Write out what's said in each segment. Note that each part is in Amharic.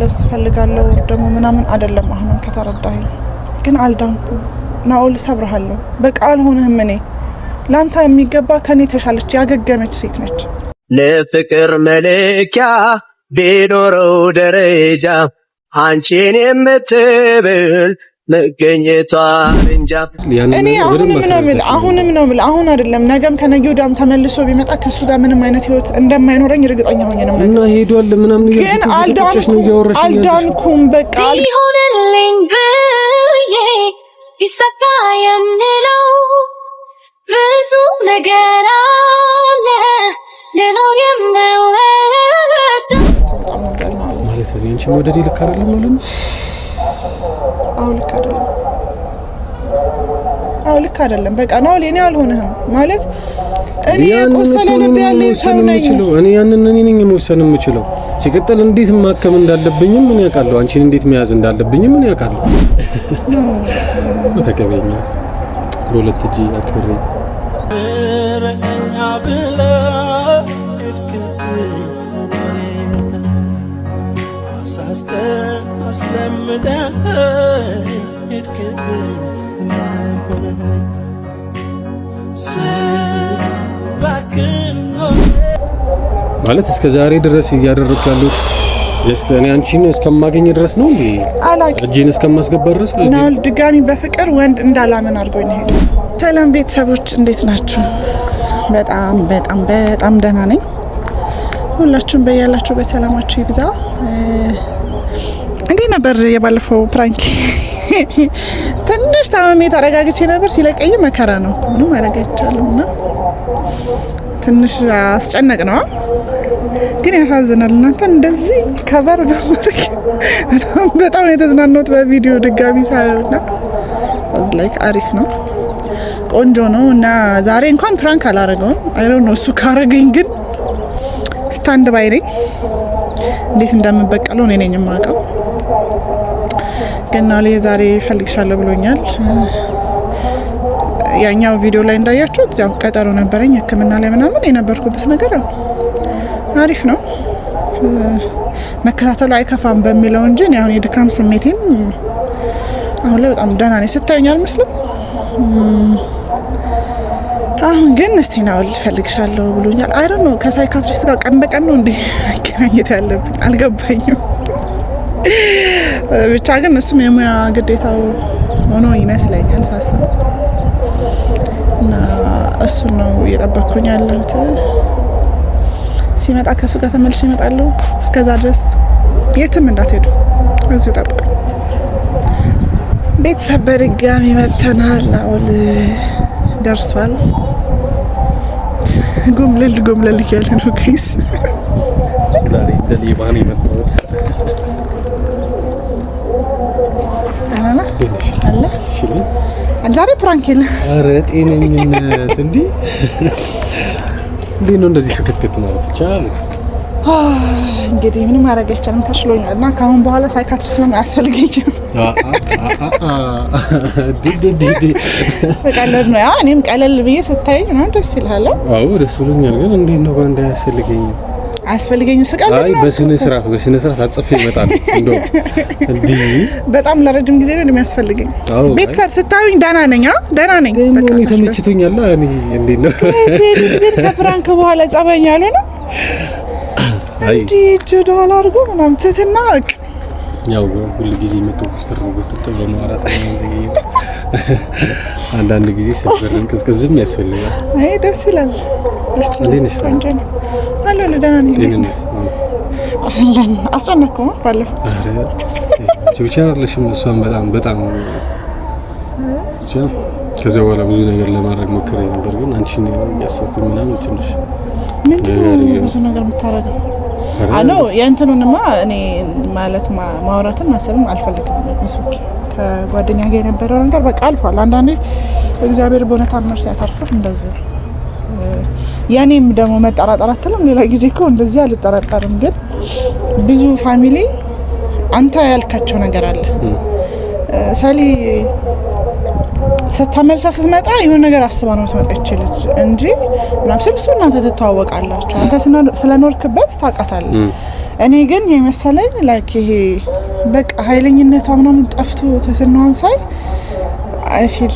መመለስ ፈልጋለሁ ደግሞ ምናምን አይደለም። አሁንም ከተረዳኸኝ ግን አልዳንኩ ናኦል፣ እሰብርሃለሁ። በቃ አልሆንህም። እኔ ለአንተ የሚገባ ከኔ ተሻለች ያገገመች ሴት ነች። ለፍቅር መለኪያ ቢኖረው ደረጃ አንቺን የምትብል አሁንም ነው የምልህ አሁን አይደለም ነገም ከነገ ወዲያም ተመልሶ ቢመጣ ከሱ ጋር ምንም አይነት ህይወት እንደማይኖረኝ እርግጠኛ ሆኜ ነው እና ሄዷል ምናምን ግን አልዳንኩም። በቃ ሊሆንልኝ ብዬ ይሰካ የምለው ብዙ ነገር አለ ልለው የምወደው ማለት ነው። አንቺ መውደድ ይልክ አይደለም ማለት ነው አዎ ልክ አይደለም፣ አዎ ልክ አይደለም። በቃ ነው ለኔ አልሆነህም ማለት እኔ ቆሰለ ልብ ያለኝ ሰው ነኝ። እኔ ያንን እኔ ነኝ መወሰን የምችለው። ሲቀጥል እንዴት ማከም እንዳለብኝም ምን ያውቃለሁ፣ አንቺን እንዴት መያዝ እንዳለብኝም ምን ያውቃለሁ። ተቀበይኝ በሁለት እጅ አክብሬ ረኛ ብለ ማለት እስከ ዛሬ ድረስ እያደረግኩ ያሉት ጀስት እኔ አንቺን እስከማገኝ ድረስ ነው እንዴ? አላውቅም። እጄን እስከማስገባ ድረስ ነው። ድጋሚ በፍቅር ወንድ እንዳላመን አድርጎ ነው ሄደ። ሰላም ቤተሰቦች፣ እንዴት ናችሁ? በጣም በጣም በጣም ደህና ነኝ። ሁላችሁም በያላችሁ በሰላማችሁ ይብዛ። ነበር የባለፈው ፕራንክ ትንሽ ታመሜ ተረጋግቼ ነበር። ሲለቀይ መከራ ነው ሆኑ ማድረግ አይቻልም እና ትንሽ አስጨነቅ ነው ግን ያሳዝናል። እናንተ እንደዚህ ከበር ነበር በጣም ነው የተዝናናሁት በቪዲዮ ድጋሚ ሳይሆንና እዚ ላይ አሪፍ ነው ቆንጆ ነው እና ዛሬ እንኳን ፕራንክ አላረገውም። አይ ነው እሱ ካረገኝ ግን ስታንድ ባይ ነኝ። እንዴት እንደምበቀለው እኔ ነኝ የማውቀው። ግን ዛሬ እፈልግሻለሁ ብሎኛል። ያኛው ቪዲዮ ላይ እንዳያችሁት ያው ቀጠሮ ነበረኝ ሕክምና ላይ ምናምን የነበርኩበት ነገር አሪፍ ነው መከታተሉ አይከፋም በሚለው እንጂ አሁን የድካም ስሜቴም አሁን ላይ በጣም ደህና ነኝ። ስታዩኝ አልመስልም። አሁን ግን እስቲ ናው ልፈልግሻለሁ ብሎኛል። አይ ነው ከሳይካትሪስት ጋር ቀን በቀን ነው እንዲህ መገናኘት ያለብን አልገባኝም። ብቻ ግን እሱም የሙያ ግዴታው ሆኖ ይመስለኛል ሳስብ እና እሱ ነው እየጠበኩኝ ያለሁት። ሲመጣ ከእሱ ጋር ተመልሽ እመጣለሁ። እስከዛ ድረስ የትም እንዳትሄዱ እዚሁ ጠብቅ ቤተሰብ በድጋሚ መጥተናል። አሁን ደርሷል። ጉምልል ጉምልል እያለ ነው ጋይስ አለ። ዛሬ ፕራንክ የለ። አረ ጤነኝነት እንዴ! እንዴት ነው እንደዚህ ፍክትክት ማለት ይቻላል? እንግዲህ ምንም ማድረግ አይቻልም። ተሽሎኛል እና ከአሁን በኋላ ሳይካትሪስ ነው ያስፈልገኝ። ቀለል ነው። እኔም ቀለል ብዬ ስታይ ደስ ይልሃል። አዎ ደስ ብሎኛል። ግን እንዴት ነው በአንድ አያስፈልገኝም አያስፈልገኝም። ስቃል ነው። በስነ ስርዓት በስነ ስርዓት አጽፌ ይመጣል። እንደውም እንዲህ በጣም ለረጅም ጊዜ ነው የሚያስፈልገኝ። ቤተሰብ ስታዩኝ ደህና ነኝ፣ ደህና ነኝ። በቃ ተመችቶኛል። እኔ እንዴት ነው ከፍራንክ በኋላ ጸበኛ አልሆነም። እንዲህ እጅ ወደኋላ አድርጎ ምናምን ትትና በቃ ያው ሁሉ ጊዜ መጥቶ ኮስተር ነው ብትጥብ ለማውራት ነው። አንዳንድ ጊዜ ሰብርን ቅዝቅዝም ያስፈልጋል። አይ ደስ ይላል። አስጨነቅኩ። ባለፈው እሷን በጣም በጣም ከዚያ በኋላ ብዙ ነገር ለማድረግ ሞክሬ ነበር፣ ግን አንቺን እያሰብኩኝ ምናምን ትንሽ ብዙ ነገር የእንትኑንማ እኔ ማለት ማውራትን ማሰብም አልፈልግም። ሱኪ ከጓደኛ ጋር የነበረው ነገር በቃ አልፏል። አንዳንዴ እግዚአብሔር በእውነት አምር ሲያታርፍህ እንደዚህ ነው። ያኔም ደግሞ መጠራጠር አትልም። ሌላ ጊዜ እኮ እንደዚህ አልጠራጠርም፣ ግን ብዙ ፋሚሊ አንተ ያልካቸው ነገር አለ ሳሊ ስታመልሳ ስትመጣ የሆነ ነገር አስባ ነው ስመጣ ይች እንጂ ምናም ስል እሱ እናንተ ትተዋወቃላችሁ፣ አንተ ስለኖርክበት ታውቃታለህ። እኔ ግን የመሰለኝ ላይክ ይሄ በቃ ኃይለኝነቷ ምናምን ጠፍቶ ትትናዋን ሳይ አይፊል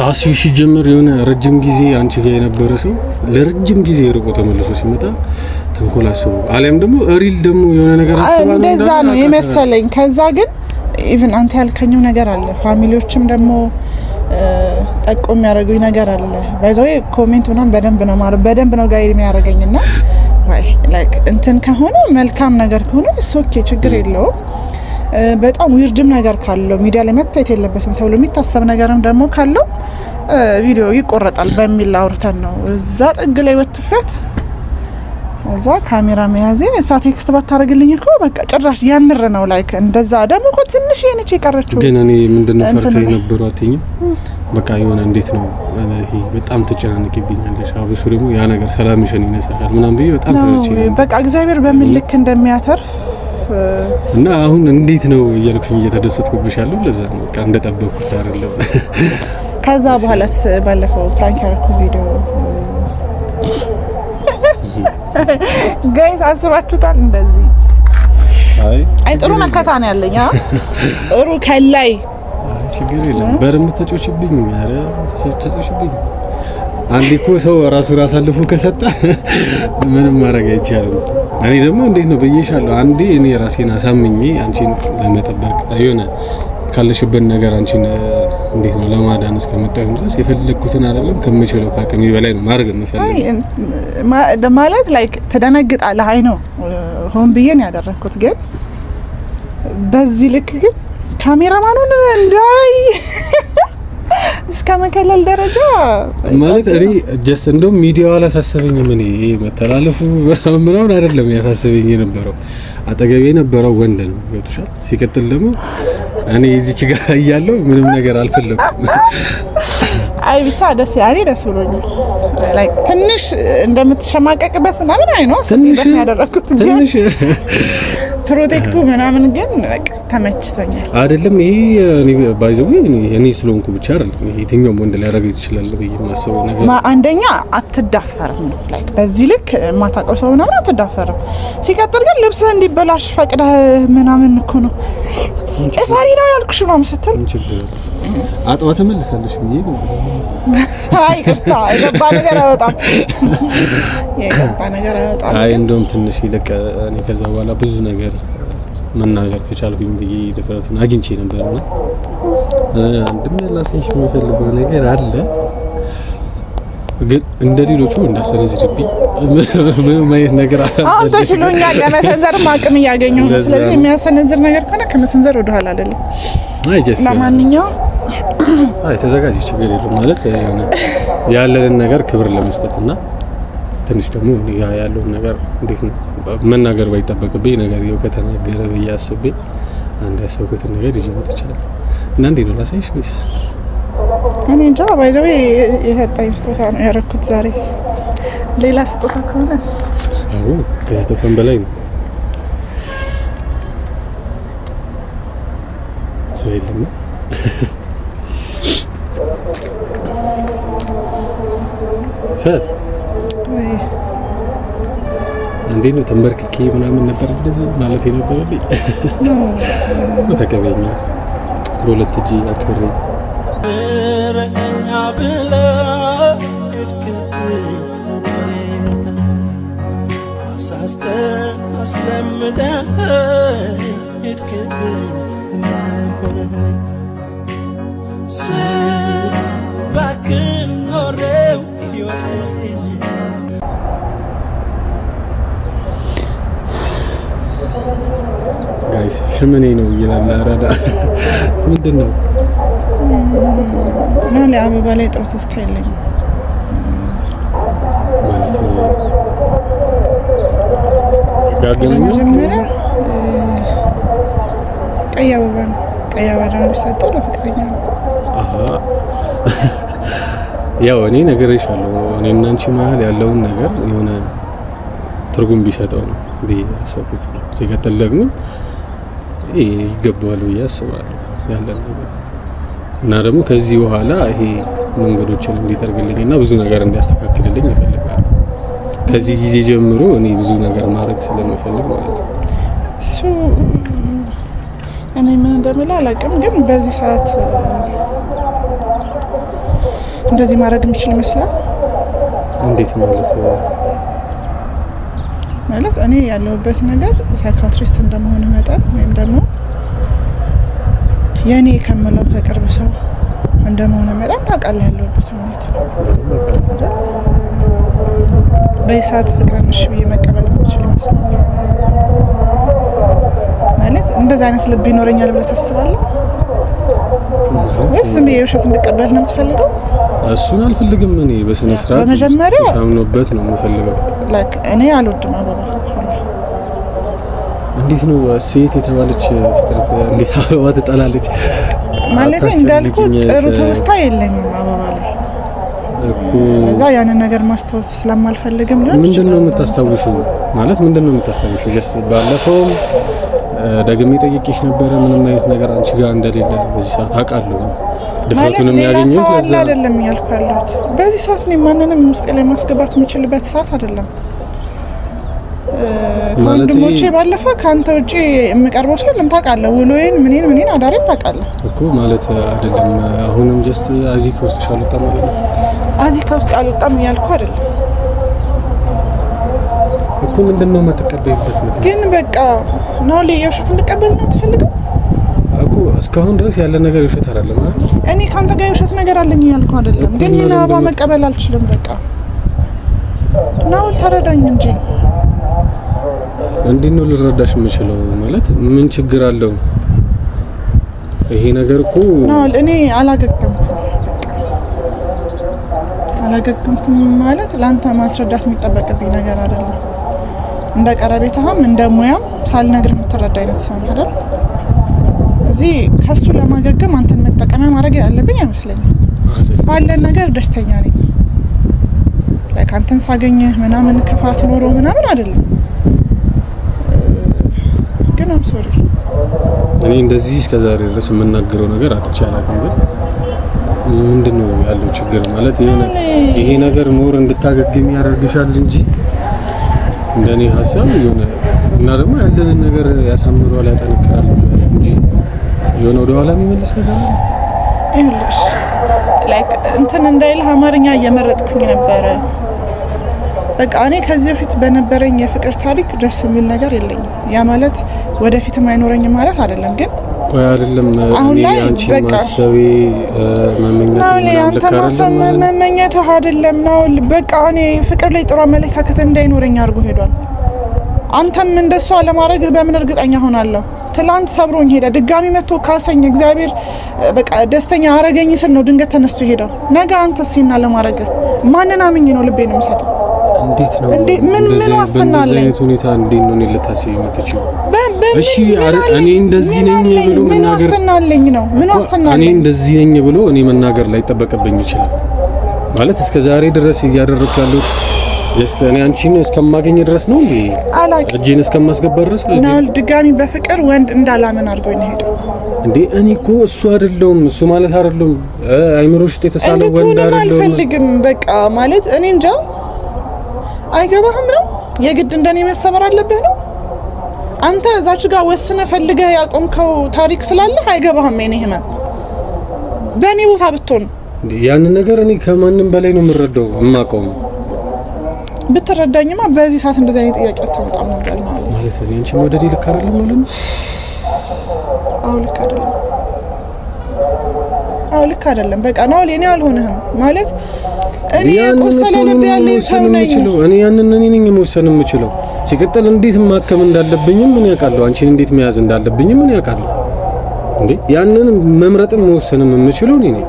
ራሱ ሲጀመር የሆነ ረጅም ጊዜ አንቺ ጋር የነበረ ሰው ለረጅም ጊዜ ርቆ ተመልሶ ሲመጣ ተንኮል አስቦ አሊያም ደግሞ ሪል ደግሞ የሆነ ነገር አስባ እንደዛ ነው የመሰለኝ። ከዛ ግን ኢቭን አንተ ያልከኝው ነገር አለ ፋሚሊዎችም ደግሞ ጠቆ የሚያደርጉኝ ነገር አለ። ባይዘው ኮሜንት ምናምን በደንብ ነው ማለት በደንብ ነው ጋይድ የሚያደርገኝና ላይክ እንትን ከሆነ መልካም ነገር ከሆነ ሶኬ ችግር የለውም በጣም ዊርድም ነገር ካለው ሚዲያ ላይ መታየት የለበትም ተብሎ የሚታሰብ ነገርም ደግሞ ካለው ቪዲዮ ይቆረጣል በሚል አውርተን ነው እዛ ጥግ ላይ በትፈት እዛ ካሜራ መያዜ እሷ ቴክስት ባታደርግልኝ እኮ በቃ ጭራሽ የምር ነው። ላይክ እንደዛ ደግሞ እኮ ትንሽ የነች የቀረችው ግን እኔ ምንድነው ነው ፈርታ የነበሩ አትኝ በቃ የሆነ እንዴት ነው ይሄ በጣም ትጨናንቅብኛለሽ፣ አብሱ ደግሞ ያ ነገር ሰላምሽን ይነሳሻል ምናም ብዬ በጣም ተረች በቃ እግዚአብሔር በምን ልክ እንደሚያተርፍ እና አሁን እንዴት ነው እያልኩኝ እየተደሰትኩብሽ ያለው ለዛ ነው በቃ እንደጠበቅኩት አይደለም። ከዛ በኋላስ ባለፈው ፕራንክ ያረኩ ቪዲዮ ጋይስ አስባችሁታል? እንደዚህ አይ ጥሩ መከታ ነው ያለኝ። ጥሩ ከላይ ችግር የለም። በርም ተጮችብኝ፣ ኧረ ተጮችብኝ አንድ እኮ ሰው ራሱ ራስ አልፎ ከሰጠ ምንም ማድረግ አይቻልም። እኔ ደግሞ እንዴት ነው ብዬሻለሁ። አንዴ እኔ ራሴን አሳምኜ አንቺን ለመጠበቅ የሆነ ካለሽበት ነገር አንቺን እንዴት ነው ለማዳን እስከመጣሁ ድረስ የፈለግኩትን አይደለም ከምችለው ከአቅሜ በላይ ነው ማድረግ ማለት ላይክ ተደነግጣለህ። አይ ነው ሆን ብዬ ያደረኩት ያደረግኩት፣ ግን በዚህ ልክ ግን ካሜራማኑን እንዳይ በቀላል ደረጃ ማለት እኔ ጀስት እንደውም ሚዲያው አላሳሰበኝም። እኔ መተላለፉ ምናምን አይደለም ያሳሰበኝ የነበረው አጠገቤ የነበረው ወንድ ነው። ገብቶሻል። ሲቀጥል ደግሞ እኔ እዚች ጋር እያለሁ ምንም ነገር አልፈለኩም። አይ ብቻ ደስ ያኔ ደስ ብሎኛል። ላይክ ትንሽ እንደምትሸማቀቅበት ምናምን አይ ነው ትንሽ ያደረኩት ትንሽ ፕሮቴክቱ ምናምን ግን በቃ ተመችቶኛል። አይደለም ይሄ ባይዘው እኔ ስለሆንኩ ብቻ አይደለም። ይሄ የትኛውም ወንድ ሊያደርገው ይችላል ብዬ የማስበው ነገር አንደኛ አትዳፈርም ላይክ በዚህ ልክ የማታውቀው ሰው ምናምን አትዳፈርም። ሲቀጥል ግን ልብስህ እንዲበላሽ ፈቅደህ ምናምን እኮ ነው እሳሪ ነው ያልኩሽ ምናምን ስትል አጥዋ ተመልሳለሽ ብዬ አይ ቅርታ የገባ ነገር አይወጣም። የገባ ነገር አይወጣም። አይ እንደውም ትንሽ ይለቀ እኔ ከዛ በኋላ ብዙ ነገር መናገር ከቻልኩኝ ብዬ ድፍረቱን አግኝቼ ነበርና አንድም ላሳይሽ የሚፈልገው ነገር አለ ግን እንደ ሌሎቹ እንዳሰነዝርብኝ ማየት ነገር አሁን ተሽሎኛል። ለመሰንዘር አቅም እያገኘሁ ስለዚህ የሚያሰነዝር ነገር ከሆነ ከመሰንዘር ወደኋላ አይደለም። ለማንኛውም ተዘጋጅ፣ ችግር የለም ማለት ያለንን ነገር ክብር ለመስጠት እና ትንሽ ደግሞ ያለውን ነገር እንዴት ነው መናገር ባይጠበቅብኝ ነገር የው ከተናገረ ብዬ አስቤ አንድ ያሰብኩትን ነገር ይዤ መጥቻለሁ እና እንዴ ነው ላሳይሽ ወይስ እኔ እንጃ። ባይዘዌ የሰጣኝ ስጦታ ነው ያደረኩት ዛሬ። ሌላ ስጦታ ከሆነስ አዎ ከስጦታም በላይ ነው። ሰው የለም ነው እንዴት ነው ተንበርክኬ ምናምን ነበር እንደዚህ ማለት የነበረብኝ። ተቀበኝ በሁለት እጅ አክብሬ ረኛ ብለ አስለምደ ሽምኔ ነው ይላል። አራዳ ምንድን ነው? እኔ አበባ ላይ ጥሩ ተስፋ የለኝም ማለት ነው። መጀመሪያ ቀይ አበባ ነው። ቀይ አበባ ደግሞ የሚሰጠው ለፍቅረኛ ነው። ያው እኔ ነግሬሻለሁ። እኔ እና አንቺ መሀል ያለውን ነገር የሆነ ትርጉም ቢሰጠው ነው ብዬ ያሰብኩት። ሲቀጥል ደግሞ ይገባዋል ብዬ አስባለሁ ያለን ነገር እና ደግሞ ከዚህ በኋላ ይሄ መንገዶችን እንዲጠርግልኝ እና ብዙ ነገር እንዲያስተካክልልኝ ይፈልጋል። ከዚህ ጊዜ ጀምሮ እኔ ብዙ ነገር ማድረግ ስለምፈልግ ማለት ነው። እሱ እኔ ምን እንደምልህ አላውቅም፣ ግን በዚህ ሰዓት እንደዚህ ማድረግ የሚችል ይመስላል። እንዴት ማለት ነው? ማለት እኔ ያለሁበት ነገር ሳይካትሪስት እንደመሆነ መጠን ወይም ደግሞ የእኔ ከምለው ከቅርብ ሰው እንደመሆነ መጠን ታውቃለህ ያለሁበት ሁኔታ በሰዓት ፍቅርን እሺ ብዬ መቀበል የምችል ይመስላል። ማለት እንደዚ አይነት ልብ ይኖረኛል ብለህ ታስባለህ ወይስ ዝም ብዬ ውሸት እንድቀበል ነው የምትፈልገው? እሱን አልፈልግም። እኔ በስነ ስርዓት በመጀመሪያ ነው የምፈልገው። እኔ አልወድም እንዴት ነው ሴት የተባለች ፍጥረት እንዴት አበባ ትጠላለች? ማለት እንዳልኩ ጥሩ ትውስታ የለኝም አበባ ላይ እኮ። እዛ ያንን ነገር ማስታወስ ስለማልፈልግም ነው። ምንድን ነው የምታስታውሹ? ማለት ምንድን ነው የምታስታውሹ? ጀስት ባለፈውም ደግሜ ጠይቄሽ ነበረ ምንም አይነት ነገር አንቺ ጋር እንደሌለ በዚህ ሰዓት አውቃለሁ። ድፍረቱን የሚያገኘው አይደለም ያልኩ ያለሁት በዚህ ሰዓት ነው። ማንንም ውስጤ ላይ ማስገባት የምችልበት ሰዓት አይደለም። ወንድሞቼ ባለፈ ከአንተ ውጭ የምቀርበው ሰው የለም። ታውቃለህ፣ ውሎዬን፣ ምኔን ምኔን አዳሬን ታውቃለህ እኮ ማለት አይደለም። አሁንም ጀስት አዚ ከውስጥ አልወጣም ማለት ነው። አዚ ከውስጥ አልወጣም እያልኩ አይደለም እኮ። ምንድን ነው የማትቀበይበት ምክንያት? ግን በቃ ነው ላይ የውሸት እንድቀበል ነው የምትፈልገው እኮ እስካሁን ድረስ ያለ ነገር የውሸት አይደለም። አይደል? እኔ ከአንተ ጋር የውሸት ነገር አለኝ እያልኩ አይደለም፣ ግን ይህን አበባ መቀበል አልችልም። በቃ ናውል ተረዳኝ እንጂ እንዲህ ነው ልረዳሽ የምችለው ማለት ምን ችግር አለው? ይሄ ነገር እኮ እኔ አላገገምኩም አላገገምኩም ማለት ለአንተ ማስረዳት የሚጠበቅብኝ ነገር አይደለም። እንደ ቀረቤታህም እንደ ሙያም ሳልነግር የምትረዳ አይነት ሰው አይደል? እዚህ ከሱ ለማገገም አንተን መጠቀሚያ ማድረግ ያለብኝ አይመስለኝም። ባለን ነገር ደስተኛ ነኝ። አንተን ሳገኘህ ምናምን ክፋት ኖሮ ምናምን አይደለም ግን አምሶሪ እኔ እንደዚህ ዛሬ ድረስ የምናገረው ነገር አጥቼ ግን ምንድን ነው ያለው ችግር ማለት ይሄ ነገር ሞር እንድታገግም ያደርግሻል እንጂ እንደኔ ሀሳብ የሆነ እና ደግሞ ያለንን ነገር ያሳምረዋል፣ ያጠነክራል እንጂ የሆነ ወደ የሚመልስ ነገር ይኸውልሽ፣ ላይክ እንትን እንዳይልህ አማርኛ እየመረጥኩኝ ነበረ። በቃ እኔ ከዚህ በፊት በነበረኝ የፍቅር ታሪክ ደስ የሚል ነገር የለኝም። ያ ማለት ወደፊትም አይኖረኝም ማለት አይደለም ግን ቆይ አይደለም አሁን ላይ አንቺ ማሰቤ መመኘት ማሰብ መመኘት አይደለም ነው። በቃ እኔ ፍቅር ላይ ጥሩ አመለካከት እንዳይኖረኝ አድርጎ ሄዷል። አንተም እንደሷ ለማድረግ በምን እርግጠኛ ሆናለሁ? ትላንት ሰብሮኝ ሄደ። ድጋሚ መጥቶ ካሰኝ እግዚአብሔር በቃ ደስተኛ አረገኝ ስል ነው ድንገት ተነስቶ ሄደው። ነገ አንተ ሲና ለማድረግ ማንን አምኝ ነው ልቤን የምሰጠው? እንዴት ነው ምን ምን ዋስትና አለኝ? ሁኔታ እንዴት ነው ልታስይኝ የምትችል እሺ እኔ እንደዚህ ነኝ ብሎ መናገር ነው ምን ዋስትና አለኝ? እኔ እንደዚህ ነኝ ብሎ እኔ መናገር ላይ ጠበቅብኝ ይችላል ማለት እስከ ዛሬ ድረስ እያደረኩ ያለሁት ጀስት እኔ አንቺን እስከማገኝ ድረስ ነው እንዴ? እጄን እስከማስገባ ድረስ ነው። ድጋሚ በፍቅር ወንድ እንዳላመን አድርጎኝ ነው የሄደው እንዴ። እኔ እኮ እሱ አይደለሁም እሱ ማለት አይደለሁም። አይምሮሽ ውስጥ የተሳለ ወንድ አይደለሁም። አልፈልግም በቃ ማለት እኔ እንጃ። አይገባህም ነው የግድ እንደኔ መሰበር አለብህ ነው አንተ እዛች ጋር ወስነ ፈልገህ ያቆምከው ታሪክ ስላለ አይገባህም። የኔ ህመም በእኔ ቦታ ብትሆን ያንን ነገር እኔ ከማንም በላይ ነው የምረዳው የማውቀውም። ብትረዳኝማ በዚህ ሰዓት እንደዚህ አይነት ጥያቄ አታመጣም ነበር ማለት ነው። ማለት እኔ አንቺ ወደ ልክ አይደለም ማለት ነው። አዎ ልክ አይደለም። አዎ ልክ አይደለም። በቃ ናኦል እኔ አልሆነህም ማለት እኔ የቆሰለ ልብ ያለ ሰው ነኝ። እኔ ያንን እኔ ነኝ መወሰን የምችለው። ሲቀጥል እንዴት ማከም እንዳለብኝም ምን ያውቃለሁ፣ አንቺን እንዴት መያዝ እንዳለብኝም ምን ያውቃለሁ። እንዴ ያንን መምረጥም መወሰንም የምችለው እኔ ነኝ።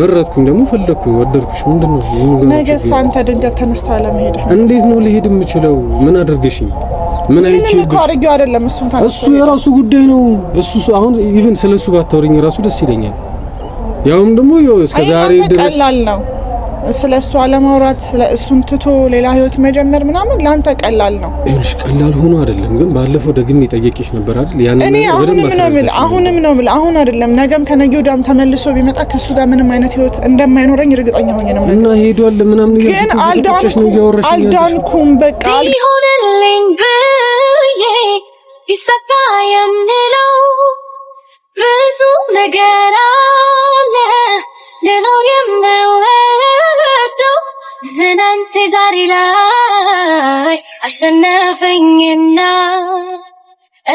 መረጥኩኝ፣ ደግሞ ፈለግኩኝ፣ ወደድኩሽ። ምንድን ነው ነገስ? አንተ ድንገት ተነስታ ለመሄድ እንዴት ነው ልሄድ የምችለው? ምን አድርገሽኝ? ምን አይቼ አይደለም። እሱ የራሱ ጉዳይ ነው። እሱ አሁን ኢቭን ስለሱ ባታወሪኝ ራሱ ደስ ይለኛል። ያውም ደግሞ ዛሬ ድረስ ቀላል ነው ስለ እሷ ለማውራት ስለ እሱን ትቶ ሌላ ህይወት መጀመር ምናምን ለአንተ ቀላል ነው። ይኸውልሽ ቀላል ሆኖ አይደለም ግን ባለፈው ደግሜ ጠየቅሽ ነበር አይደል? ያን እኔ አሁንም ነው የምልህ አሁንም ነው የምልህ አሁን አይደለም ነገም ከነገ ወዲያም ተመልሶ ቢመጣ ከእሱ ጋር ምንም አይነት ህይወት እንደማይኖረኝ እርግጠኛ ሆኜ ነው እና ሄዷል ምናምን ግን አልዳንኩም። በቃ ሊሆንልኝ ብዬ ይሰካ የምለው ብዙ ነገር አለ ልኖር የምወደው እናንተ ዛሬ ላይ አሸነፈኝና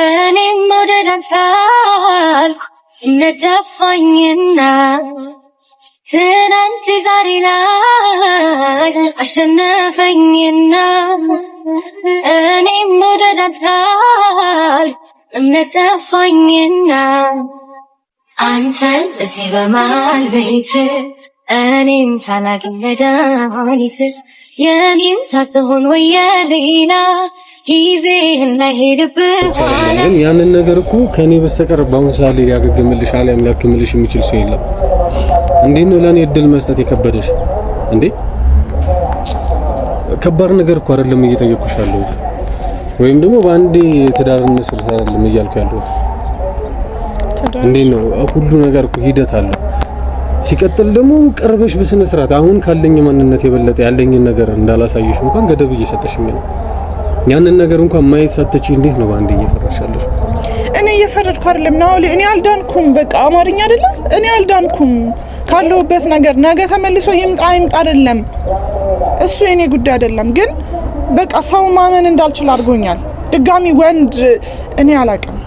እኔም መውደድ አልቻልኩ እነደፋኝና ትናንት ዛሬ ላይ አሸነፈኝና እኔም መውደድ አልቻልኩ እምነት ጠፋኝና አንተን እዚህ በመሃል ቤት እኔም ሳላግኝ መድኃኒት የኔም ሳትሆን ወየሌላ ጊዜ እናሄድብህ። ያንን ነገር እኮ ከእኔ በስተቀር በአሁኑ ሰዓት ላይ ሊያገግምልሽ አሊያም ሊያክምልሽ የሚችል ሰው የለም። እንዴት ነው ለእኔ እድል መስጠት የከበደሽ እንዴ? ከባድ ነገር እኮ አይደለም እየጠየኩሽ ያለሁት ወይም ደግሞ በአንዴ ትዳር እንመስርት አይደለም እያልኩ ያለሁት። እንዴት ነው ሁሉ ነገር እኮ ሂደት አለው። ሲቀጥል ደግሞ ቅርበሽ በስነ ስርዓት አሁን ካለኝ ማንነት የበለጠ ያለኝን ነገር እንዳላሳየሽ እንኳን ገደብ እየሰጠሽኝ ነው። ያንን ነገር እንኳን ማየት ሳትች እንዴት ነው በአንዴ እየፈረሻለሽ? እኔ እየፈረድኩ አይደለም ነው። እኔ አልዳንኩም። በቃ አማርኛ አይደለም። እኔ አልዳንኩም ካለሁበት ነገር። ነገ ተመልሶ ይምጣ ይምጣ አይደለም እሱ የኔ ጉዳይ አይደለም ግን በቃ ሰው ማመን እንዳልችል አድርጎኛል። ድጋሚ ወንድ እኔ አላውቅም።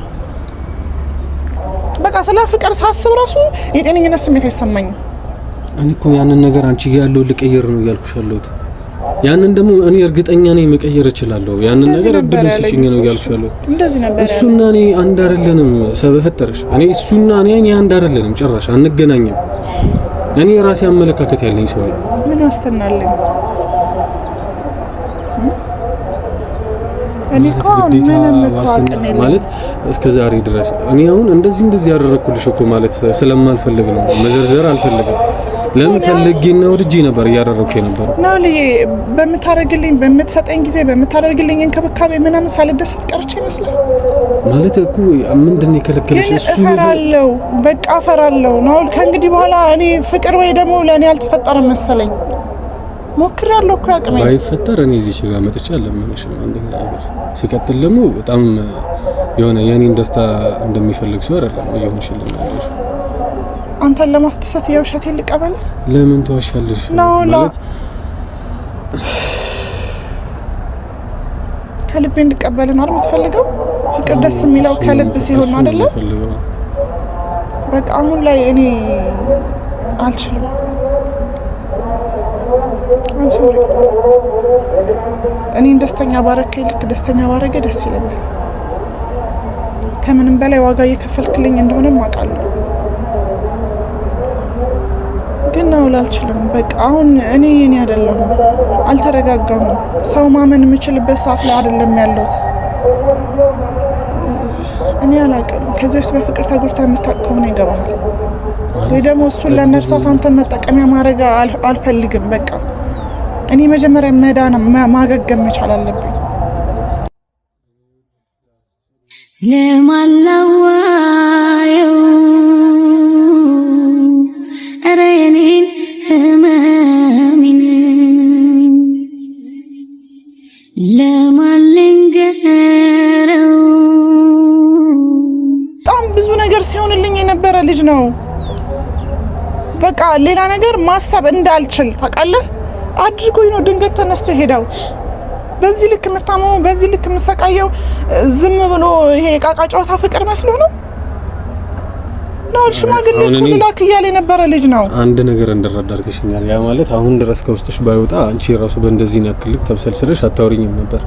በቃ ስለ ፍቅር ሳስብ ራሱ የጤነኝነት ስሜት አይሰማኝም። እኔ እኮ ያንን ነገር አንቺ ያለው ልቀይር ነው እያልኩሽ ያለሁት። ያንን ደግሞ እኔ እርግጠኛ ነኝ መቀየር እችላለሁ። ያንን ነገር እድል ስጭኝ ነው እያልኩሽ ያለሁት። እሱና እኔ አንድ አይደለንም። ሰበ ፈጠረሽ እኔ እሱና እኔ እኔ አንድ አይደለንም። ጭራሽ አንገናኝም። እኔ የራሴ አመለካከት ያለኝ ሰው ነኝ። ምን ዋስትና አለኝ? ማለት እስከ ዛሬ ድረስ እኔ አሁን እንደዚህ እንደዚህ ያደረግኩልሽ እኮ ማለት ስለማልፈልግ ነው። መዘርዘር አልፈልግም። ለምን ፈልጌና ወድጄ ነበር እያደረግኩ የነበረው ነው። በምታደርግልኝ በምትሰጠኝ ጊዜ በምታደርግልኝ እንክብካቤ ምናምን ሳልደሰት ቀርቼ ይመስላል ማለት እኮ ምንድን የከለከለሽ? እሱ እፈራለሁ፣ በቃ እፈራለሁ ነው። ከእንግዲህ በኋላ እኔ ፍቅር ወይ ደግሞ ለእኔ አልተፈጠረም መሰለኝ ሞክራለሁ እኮ አቅሜ ባይፈጠር እኔ እዚህ ጋር መጥቼ አልለምንሽም። አንደኛ ነገር ሲቀጥል ደግሞ በጣም የሆነ የእኔን ደስታ እንደሚፈልግ ሰው አይደለም እየሆንሽልን ያለሽ። አንተን ለማስደሰት የውሸቴን ልቀበል? ለምን ትዋሻለሽ? ማለት ከልቤ እንድቀበል ነው የምትፈልገው? ፍቅር ደስ የሚለው ከልብ ሲሆን አይደለም። በቃ አሁን ላይ እኔ አልችልም ሁሉም ሰው እኔን ደስተኛ ባረከ ልክ ደስተኛ ባረገ ደስ ይለኛል። ከምንም በላይ ዋጋ እየከፈልክልኝ እንደሆነም አውቃለሁ። ግን አውል አልችልም። በቃ አሁን እኔ እኔ አይደለሁም፣ አልተረጋጋሁም። ሰው ማመን የምችልበት ሰዓት ላይ አይደለም ያለሁት። እኔ አላውቅም። ከዚህ ውስጥ በፍቅር ተጉርታ የምታውቅ ከሆነ ይገባሃል ወይ ደግሞ እሱን ለመርሳት አንተን መጠቀሚያ ማድረግ አልፈልግም። በቃ እኔ መጀመሪያ መዳን ማገገም መቻል አለብኝ። ለማላዋየው እረ የኔን ህመሜን ለማልንገረው በጣም ብዙ ነገር ሲሆንልኝ የነበረ ልጅ ነው። በቃ ሌላ ነገር ማሰብ እንዳልችል ታውቃለህ። አድርጎኝ ነው ድንገት ተነስቶ ሄዳው። በዚህ ልክ የምታመሙ በዚህ ልክ የምሰቃየው ዝም ብሎ ይሄ የቃቃ ጨዋታ ፍቅር መስሎ ነው ነው ሽማግሌ እኮ እያለ የነበረ ልጅ ነው። አንድ ነገር እንድረዳ አድርገሽኛል። ያ ማለት አሁን ድረስ ከውስጥሽ ባይወጣ አንቺ ራሱ በእንደዚህ ያክል ተብሰልስለሽ አታወሪኝም ነበር።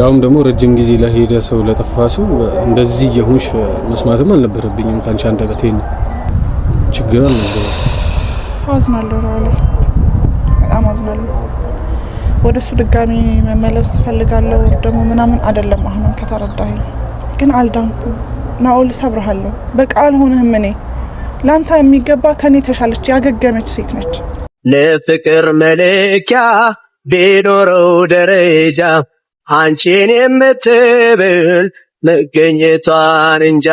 ያውም ደግሞ ረጅም ጊዜ ለሄደ ሰው ለጠፋ ሰው እንደዚህ የሆንሽ መስማትም አልነበረብኝም። ካንቺ አንደበት ይሄን ችግር አልነበረ አዝናለሁ ነው በጣም አዝናለሁ። ወደ እሱ ድጋሚ መመለስ ፈልጋለሁ ደግሞ ምናምን አይደለም። አሁንም ከተረዳኸኝ ግን አልዳንኩ። ናኦል ሰብርሃለሁ። በቃ አልሆንህም። እኔ ለአንተ የሚገባ ከኔ ተሻለች ያገገመች ሴት ነች። ለፍቅር መለኪያ ቢኖረው ደረጃ አንቺን የምትብል መገኘቷን እንጃ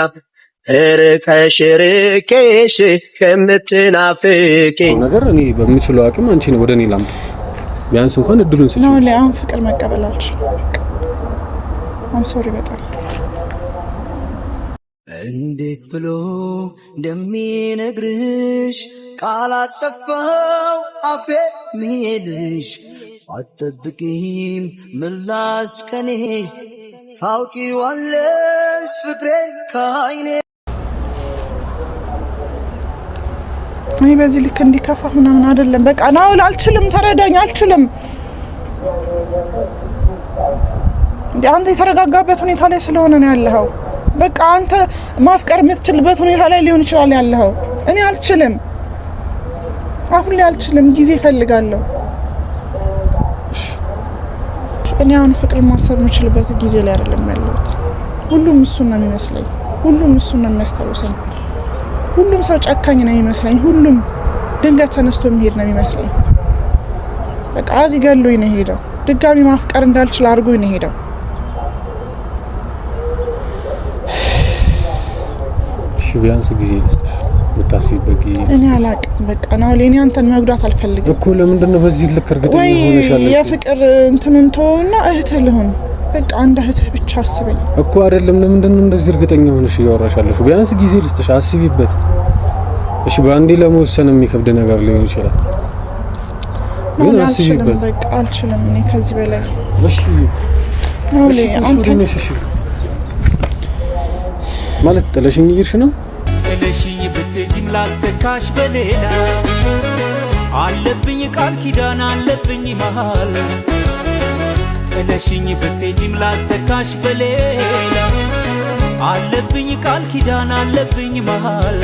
ርቀሽ ርቄሽ ከምትናፍቂ ነገር እኔ በምችለው አቅም አንቺን ወደ እኔ ቢያንስ እንኳን እድሉን ስጭ። አሁን ፍቅር መቀበል አልችልም። ሶሪ በጣም እንዴት ብሎ እንደሚነግርሽ ቃል አጠፋው አፌ ምሄድሽ አጠብቂም ምላስ ከኔ ታውቂዋለሽ ፍቅሬ ከአይኔ እኔ በዚህ ልክ እንዲከፋ ምናምን አይደለም። በቃ ናውል አልችልም፣ ተረዳኝ፣ አልችልም። አንተ የተረጋጋበት ሁኔታ ላይ ስለሆነ ነው ያለኸው። በቃ አንተ ማፍቀር የምትችልበት ሁኔታ ላይ ሊሆን ይችላል ያለኸው። እኔ አልችልም፣ አሁን ላይ አልችልም፣ ጊዜ እፈልጋለሁ። እኔ አሁን ፍቅር ማሰብ የምችልበት ጊዜ ላይ አይደለም ያለሁት። ሁሉም እሱን ነው የሚመስለኝ፣ ሁሉም እሱን ነው የሚያስታውሰኝ። ሁሉም ሰው ጨካኝ ነው የሚመስለኝ። ሁሉም ድንገት ተነስቶ የሚሄድ ነው የሚመስለኝ። በቃ አዚ ገሎኝ ነው ሄደው። ድጋሚ ማፍቀር እንዳልችል አድርጎኝ ነው ሄደው። ቢያንስ ጊዜ ልስጥሽ የምታስቢበት ጊዜ እኔ አላቅም። በቃ ነው ለኔ አንተን መጉዳት አልፈልግም እኮ ለምንድን ነው በዚህ ልክ እርግጠኛ ሆነሻለሁ? ወይ የፍቅር እንትኑን ተወውና እህትህ ልሁን በቃ እንደ እህትህ ብቻ አስበኝ እኮ አይደለም። ለምንድን ነው እንደዚህ እርግጠኛ ሆነሽ እያወራሻለሽ? ቢያንስ ጊዜ ልስጥሽ፣ አስቢበት። እሺ፣ በአንዴ ለመወሰን የሚከብድ ነገር ሊሆን ይችላል፣ ግን አስቢበት። አልችልም እኔ ከዚህ በላይ እሺ። ማለት ጥለሽኝ እየሄድሽ ነው? ጥለሽኝ ብትሄጂም ላተካሽ በሌላ አለብኝ ቃል ኪዳን አለብኝ መሀል ጥለሽኝ ብትሄጂም ላተካሽ በሌላ አለብኝ ቃል ኪዳን አለብኝ መሃል